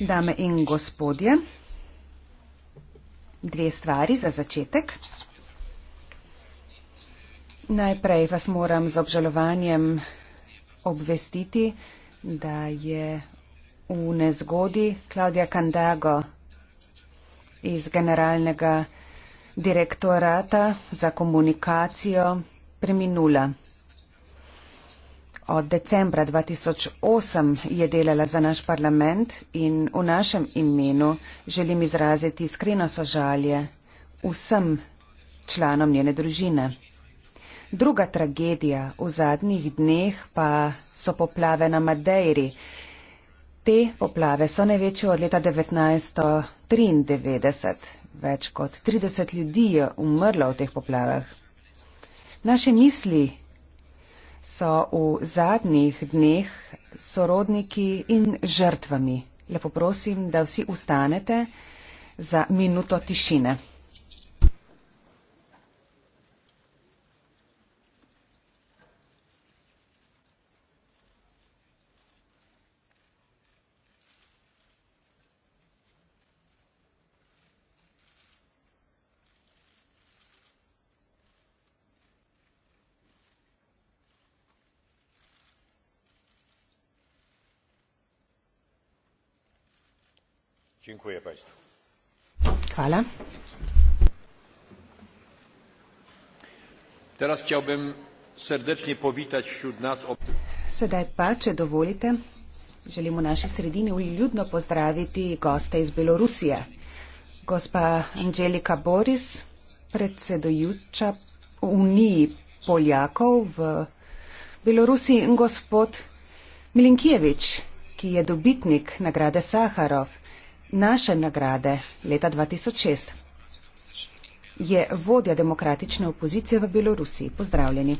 Dame in gospodje, dve stvari za začetek. Najprej vas moram z obžalovanjem obvestiti, da je v nezgodi Klaudija Kandago iz generalnega direktorata za komunikacijo preminula. Od decembra 2008 je delala za naš parlament in v našem imenu želim izraziti iskreno sožalje vsem članom njene družine. Druga tragedija v zadnjih dneh pa so poplave na Madeiri. Te poplave so največje od leta 1993. Več kot 30 ljudi je umrlo v teh poplavah. Naše misli so v zadnjih dneh sorodniki in žrtvami. Lepo prosim, da vsi ustanete za minuto tišine. Dziękuję Państwu. Hvala. Teraz chciałbym serdecznie powitać wśród nas ob... Sedaj pa, če dovolite, želim v naši sredini uljudno pozdraviti goste iz Belorusije. Gospa Angelika Boris, predsedujuča Uniji Poljakov v Belorusiji in gospod Milinkjevič, ki je dobitnik nagrade Saharov naše nagrade leta 2006. Je vodja demokratične opozicije v Belorusiji. Pozdravljeni.